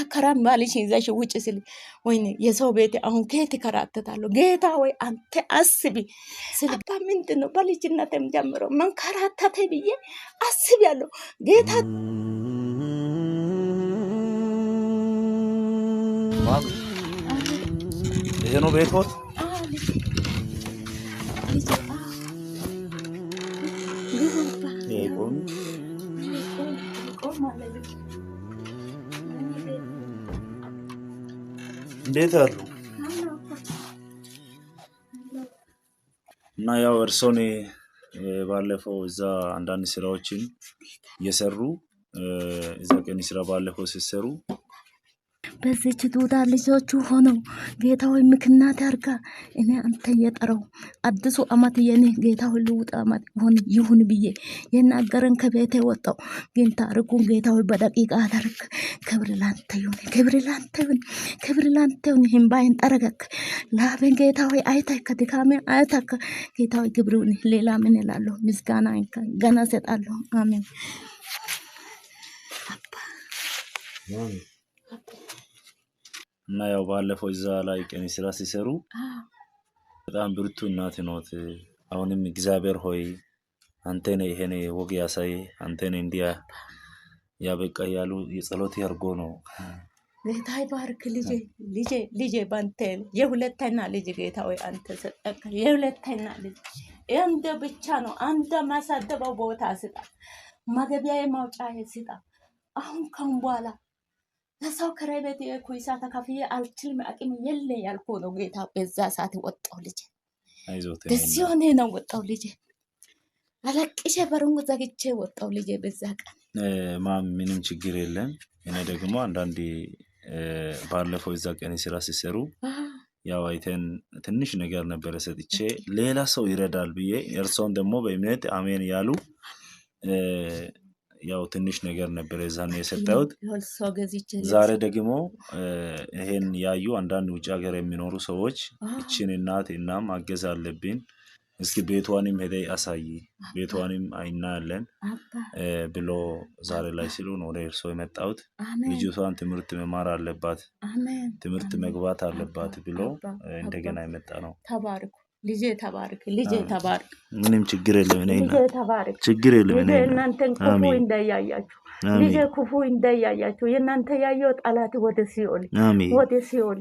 ሰከራን ባልሽን ይዘሽ ውጭ ስል ወይ የሰው ቤት አሁን ከየት ይከራተታሉ? ጌታ ወይ አንተ አስቢ ስል ምንድን ነው በልጅነት የምጀምረው መንከራተተ ብዬ አስቢ ያለው ጌታ ይሄ ነው ቤቶት እንዴት አሉ እና ያው እርሶን ባለፈው እዛ አንዳንድ ስራዎችን እየሰሩ እዛ ቀን ስራ ባለፈው ሲሰሩ በዚች ዱዳ ልጆቹ ሆነው ጌታዊ ምክንያት ያርጋ። እኔ አንተ የጠረው አዲሱ አመት የኔ ጌታዊ ልውጥ አመት ሆን ይሁን ብዬ የናገረን ከቤት ወጣው። ግን ታሪኩን ጌታዊ በደቂቃ አደርግ። ክብር ላንተ ይሁን፣ ክብር ላንተ ይሁን፣ ክብር ላንተ ይሁን። ባይን ጠረገክ ላቤን ጌታዊ አይተክ ድካሜ አይተክ ጌታዊ ግብሩን ሌላ ምን እላለሁ? ምስጋና ገና ሰጣለሁ። አሜን። እና ያው ባለፈው እዛ ላይ ቀን ስራ ሲሰሩ በጣም ብርቱ እናት ኖት። አሁንም እግዚአብሔር ሆይ አንተነ ነህ ይሄን ወግ ያሳይ፣ አንተ እንዲያ ያበቃ ያሉ የጸሎት ያርጎ ነው። ጌታ ይባርክ ልጄ ልጄ ልጄ ባንተ የሁለተኛ ልጅ ጌታ ወይ አንተ ሰጠ የሁለተኛ ልጅ እንደ ብቻ ነው አንተ ማሳደበው ቦታ ስጣ፣ መገቢያ ማውጫ ስጣ። አሁን ካሁን በኋላ ከራይ ቤት ኩይሳ ተካፍዬ አልችልም አቅም የለ ያልኩ ነው ጌታ። በዛ ሰዓት ወጣው ልጅ ደስ የሆነ ነው ወጣው ልጅ አለቅሼ በሩን ዘግቼ ወጣው ልጅ። በዛ ቀን ማም ምንም ችግር የለም። እኔ ደግሞ አንዳንድ ባለፈው እዛ ቀን ስራ ሲሰሩ ያው አይተን ትንሽ ነገር ነበረ ሰጥቼ ሌላ ሰው ይረዳል ብዬ እርሰውን ደግሞ በእምነት አሜን ያሉ ያው ትንሽ ነገር ነበር ነው የሰጠሁት። ዛሬ ደግሞ ይሄን ያዩ አንዳንድ ውጭ ሀገር የሚኖሩ ሰዎች እችን እናት እናም አገዝ አለብን እስኪ ቤቷንም ሄደ አሳይ ቤቷንም አይናያለን ብሎ ዛሬ ላይ ሲሉ ነው ወደ እርሶ የመጣሁት። ልጅቷን ትምህርት መማር አለባት፣ ትምህርት መግባት አለባት ብሎ እንደገና የመጣ ነው። ተባርኩ። ልጄ ተባርክ፣ ልጄ ተባርክ። ምንም ችግር የለም፣ ልጄ ተባርክ፣ ችግር የለም። እናንተን ክፉ እንዳያያችሁ፣ ልጄ ክፉ እንዳያያችሁ። የእናንተ ያየው ጠላት ወደ ሲኦል፣ ወደ ሲኦል፣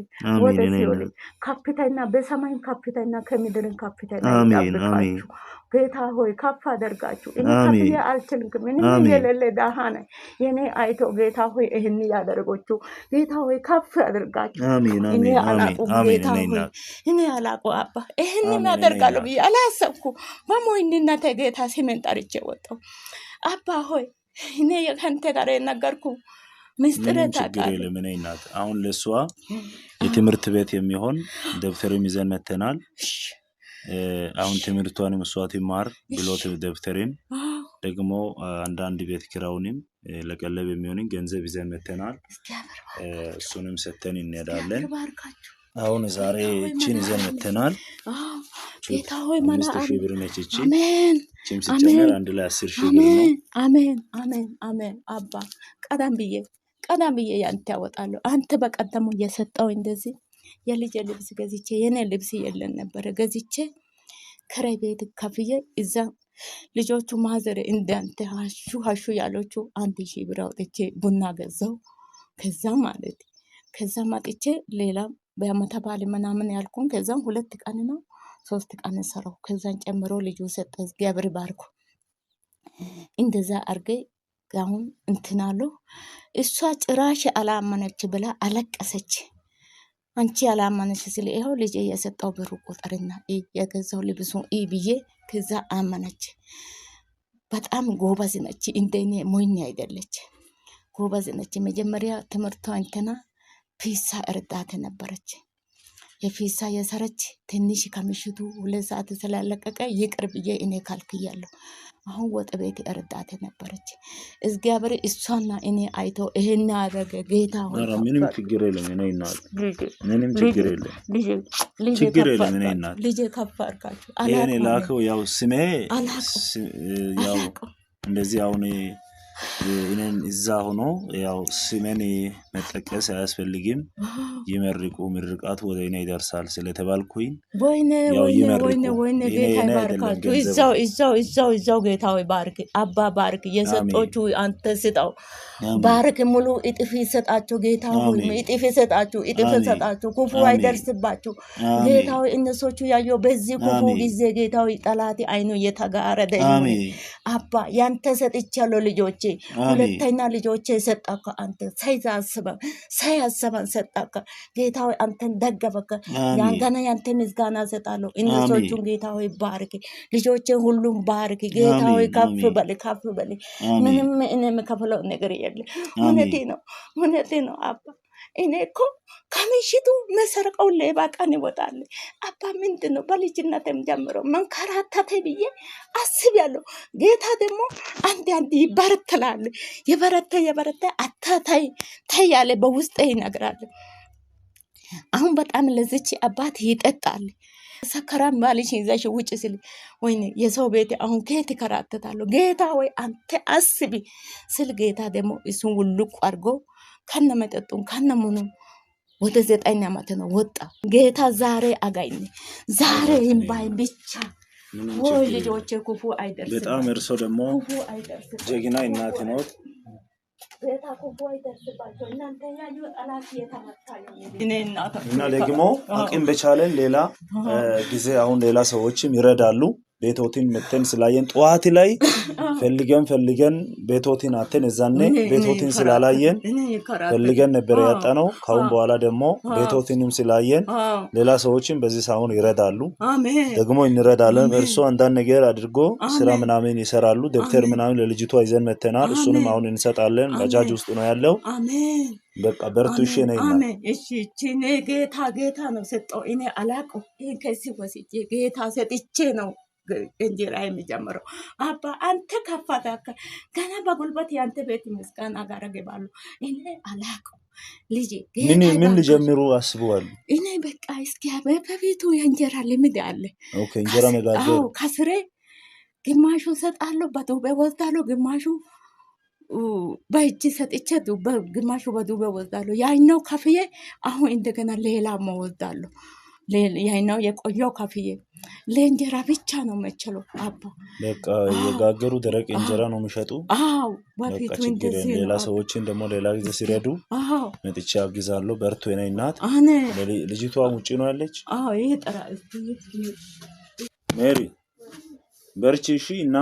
ወደ ሲኦል ካፒታና በሰማይ ካፒታና ከምድርን ካፒታና ያብቃችሁ። ጌታ ሆይ ከፍ አደርጋችሁ። እኔ ከፍዬ አልችልም፣ ምንም የሌለ ዳሃ ነኝ። የኔ አይቶ ጌታ ሆይ ይህን ያደርጎቹ ጌታ ሆይ ከፍ አደርጋችሁ። እኔ አላቁ ጌታ ሆይ እኔ አላቁ አባ ይህን ይህን እናደርጋለሁ ብዬ አላሰብኩ። ማሞ እናንተ ጌታ ስሜን ጠርቼ ወጣሁ። አባ ሆይ እኔ ከንተ ጋር የነገርኩ ምስጢር ታውቃለህ። ምን እናት አሁን ለእሷ የትምህርት ቤት የሚሆን ደብተርም ይዘን መተናል። አሁን ትምህርቷንም እሷ ትማር ብሎት ደብተርም ደግሞ አንዳንድ ቤት ኪራውንም ለቀለብ የሚሆንን ገንዘብ ይዘን መተናል። እሱንም ሰተን እንሄዳለን። አሁን ዛሬ እቺን ይዘን መተናል። ጌታ ሆይ አምስት ሺህ ብር ነች እቺ። እቺም ሲጨመር አንድ ላይ አስር ሺህ ብር ነው። አሜን አሜን አሜን። አባ ቀዳም ብዬ ቀዳም ብዬ ያንተ ያወጣለሁ። አንተ በቀደሙ እየሰጠው እንደዚህ የልጅ ልብስ ገዝቼ የኔ ልብስ የለን ነበረ ገዝቼ ከራይ ቤት ከፍዬ እዛ ልጆቹ ማዘር እንዳንተ ሀሹ ሀሹ ያሎቹ አንድ ሺ ብር አውጥቼ ቡና ገዛው። ከዛ ማለት ከዛ ማጥቼ ሌላም በመተባል ምናምን ያልኩን ከዛም ሁለት ቀን ነው ሶስት ቀን ሰራው። ከዛን ጨምሮ ልጁ ሰጠ፣ እግዚአብሔር ባርኩ። እንደዛ አርጌ አሁን እንትናሉ እሷ ጭራሽ አላመነች ብላ አለቀሰች። አንቺ አላመነች ስል ይኸው ልጅ የሰጠው ብሩ ቁጥርና የገዛው ልብሱ ብዬ ከዛ አመነች። በጣም ጎበዝ ነች፣ እንደኔ ሞኝ አይደለች። ጎበዝ ነች። መጀመሪያ ትምህርቷ እንትና ፊሳ እርዳት ነበረች። የፊሳ የሰረች ትንሽ ከምሽቱ ሁለት ሰዓት ስላለቀቀ ይቅር ብዬ እኔ ካልክያለሁ። አሁን ወጥ ቤት እርዳት ነበረች። እግዚአብሔር እሷና እኔ አይቶ ይህን ያደረገ ጌታ ምንም ችግር የለም። ምንም ችግር የለም። ችግር የለም። እኔ እናት ልጄ ከፍ አድርጋችሁ እኔ ላከው ያው ስሜ ያው እንደዚህ አሁን እኔን እዛ ሆኖ ያው ስሜን መጠቀስ አያስፈልግም። ይመርቁ ምርቃት ወደ እኔ ይደርሳል ስለተባልኩኝ እዛው እዛው ጌታ ባርክ፣ አባ ባርክ። የሰጦቹ አንተ ስጠው ባርክ፣ ሙሉ እጥፍ ጌታ እጥፍ እጥፍ ክፉ ጌታ እነሶቹ ያየው በዚህ ክፉ ጊዜ ጌታ ጠላት አይኑ እየተጋረደ አባ ያንተ ሰጥቻለሁ ሁለተኛ ልጆች የሰጣከ አንተ ሳይዛስበ ሳያሰበን ሰጣከ ጌታ ሆይ አንተን ደገፈከ። ያንገና ያንተ ምስጋና ሰጣለሁ። እነሶቹን ጌታ ሆይ ባርክ፣ ልጆችን ሁሉም ባርክ። ጌታ ሆይ ከፍ በል ከፍ በል። ምንም እኔ የምከፍለው ነገር የለ። እውነቴ ነው እውነቴ ነው አባ እኔ እኮ ከምሽቱ መሰርቀው ሌባ ቀን ይወጣል። አባ ምንድን ነው በልጅነትም ጀምሮ መንከራተቴ ብዬ አስብ ያለው ጌታ ደግሞ አንድ አንድ ይበረትላል። የበረተ የበረተ አታታይ ተያለ በውስጥ ይነግራል። አሁን በጣም ለዚች አባት ይጠጣል ሰከራን ባልሽ ይዘሽ ውጭ ስል ወይ የሰው ቤት አሁን ከየት ይከራተታሉ? ጌታ ወይ አንተ አስቢ ስል ጌታ ደግሞ እሱን ውልቁ አድርጎ ከነ መጠጡን ከነ ከነምኑም ወደ ዘጠኝ ዓመት ነው ወጣ። ጌታ ዛሬ አጋኝ ዛሬ ይምባይ ብቻ ወይ ልጆቼ ክፉ አይደርስም። በጣም እርሶ ደግሞ ጀግና እናት ነት። እና ደግሞ አቅም በቻለን ሌላ ጊዜ አሁን ሌላ ሰዎችም ይረዳሉ። ቤቶትን መተን ስላየን ጠዋት ላይ ፈልገን ፈልገን ቤቶትን አተን እዛኔ ቤቶትን ስላላየን ፈልገን ነበር ያጣ ነው። ካሁን በኋላ ደግሞ ቤቶትንም ስላየን ሌላ ሰዎችን በዚህ ሳሁን ይረዳሉ፣ ደግሞ እንረዳለን። እርሶ አንዳንድ ነገር አድርጎ ስራ ምናምን ይሰራሉ። ደብተር ምናምን ለልጅቷ ይዘን መተናል። እሱንም አሁን እንሰጣለን። ባጃጅ ውስጥ ነው ያለው። በቃ በርቱ። እሺ ነኝ ጌታ ጌታ ነው ሰጠው። እኔ አላቀ ከዚህ ወስጄ ጌታ ሰጥቼ ነው እንጀራ የሚጀምረው። አባ አንተ ከፋታከ ገና በጉልበት የአንተ ቤት ምስጋና ጋር ገባሉ። እኔ አላቀ ልጅ ምን ልጀምሩ ሊጀምሩ አስበዋል? እኔ በቃ እስኪ በቤቱ የእንጀራ ልምድ አለ። እንጀራ መጋገር ከስሬ ግማሹ ሰጣለሁ፣ በዱቤ ወስዳለሁ፣ ግማሹ በእጅ ሰጥቼ ግማሹ በዱቤ ወስዳለሁ። ያኛው ከፍዬ አሁን እንደገና ሌላ መወስዳለሁ። ይሄነው የቆየው ከፍዬ ለእንጀራ ብቻ ነው መችለው አቦ በቃ የጋገሩ ደረቅ እንጀራ ነው የሚሸጡ። ሌላ ሰዎችን ደግሞ ሌላ ጊዜ ሲረዱ መጥቼ አግዛለሁ። በርቱ የኔ እናት። ልጅቷ ውጭ ነው ያለች። ሜሪ በርቺ እሺ። እና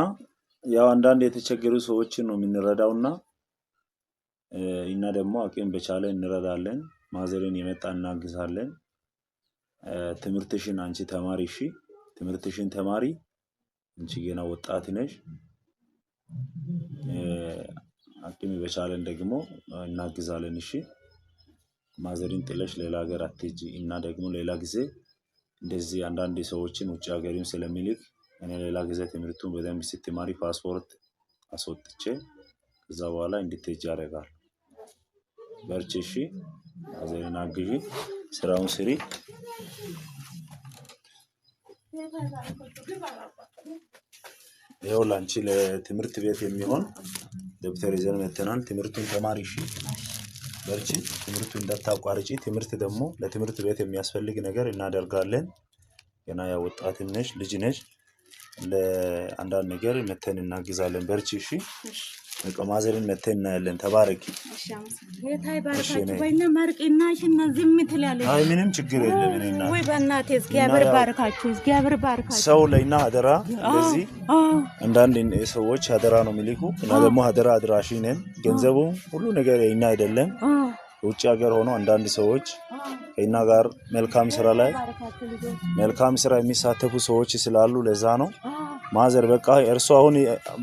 ያው አንዳንድ የተቸገሩ ሰዎችን ነው የምንረዳው እና እና ደግሞ አቅም በቻለ እንረዳለን። ማዘርን የመጣ እናግዛለን። ትምህርትሽን አንቺ ተማሪ እሺ፣ ትምህርትሽን ተማሪ። አንቺ ገና ወጣት ነሽ። አቅም በቻለን ደግሞ እናግዛለን። እሺ፣ ማዘሪን ጥለሽ ሌላ ሀገር አትጂ እና ደግሞ ሌላ ጊዜ እንደዚህ አንዳንድ ሰዎችን ውጭ ሀገሪም ስለሚልክ እኔ ሌላ ጊዜ ትምህርቱን በደንብ ስትማሪ ፓስፖርት አስወጥቼ ከዛ በኋላ እንድትሄጂ ያደርጋል። በርቺ እሺ፣ ማዘሪን አግዢ። ስራውን ስሪ። ይኸው ላንቺ ለትምህርት ቤት የሚሆን ደብተር ይዘን መተናል። ትምህርቱን ተማሪ እሺ፣ በርቺ፣ ትምህርቱ እንዳታቋርጪ። ትምህርት ደግሞ ለትምህርት ቤት የሚያስፈልግ ነገር እናደርጋለን። ገና ያው ወጣትም ነሽ ልጅ ነሽ። ለአንዳንድ ነገር መተን እናግዛለን። በርቺ እሺ። በቃ ማዘርን መተህ እናያለን። ተባረቂ። አይ ምንም ችግር የለም። እኔና ወይ በእናቴ እግዚአብሔር ባርካችሁ፣ እግዚአብሔር ባርካችሁ። ሰው ላይና አደራ እንደዚህ አንዳንድ ሰዎች አደራ ነው የሚልኩ እና ደግሞ አደራ አድራሽ ነን። ገንዘቡ ሁሉ ነገር የኛ አይደለም። ውጭ ሀገር ሆኖ አንዳንድ ሰዎች ከኛ ጋር መልካም ስራ ላይ መልካም ስራ የሚሳተፉ ሰዎች ስላሉ ለዛ ነው ማዘር በቃ እርሱ አሁን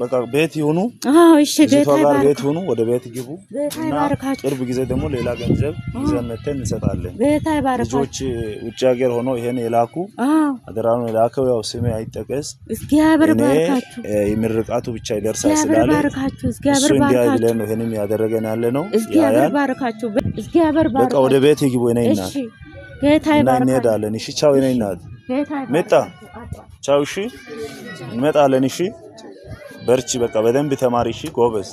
በቃ ቤት ይሁኑ። አዎ እሺ፣ ቤት ጋር ቤት ይሁኑ፣ ወደ ቤት ግቡ። ቅርብ ጊዜ ደግሞ ሌላ ገንዘብ ይዘን መተን እንሰጣለን። ልጆች ውጭ ሀገር ሆኖ ይሄን የላኩ ነው የላከው ያው ስሜ አይጠቀስ ምርቃቱ ብቻ ይደርሳል ስላለ እሱ እንዲያ ብለን ነው ይሄንም ያደረገን ያለ ነው። በቃ ወደ ቤት ይግቡ። የኔ እናት እና እንሄዳለን። እሺ ቻው የኔ እናት መጣ ቻው። እሺ፣ እንመጣለን። እሺ፣ በርቺ። በቃ በደንብ ተማሪ። እሺ፣ ጎበዝ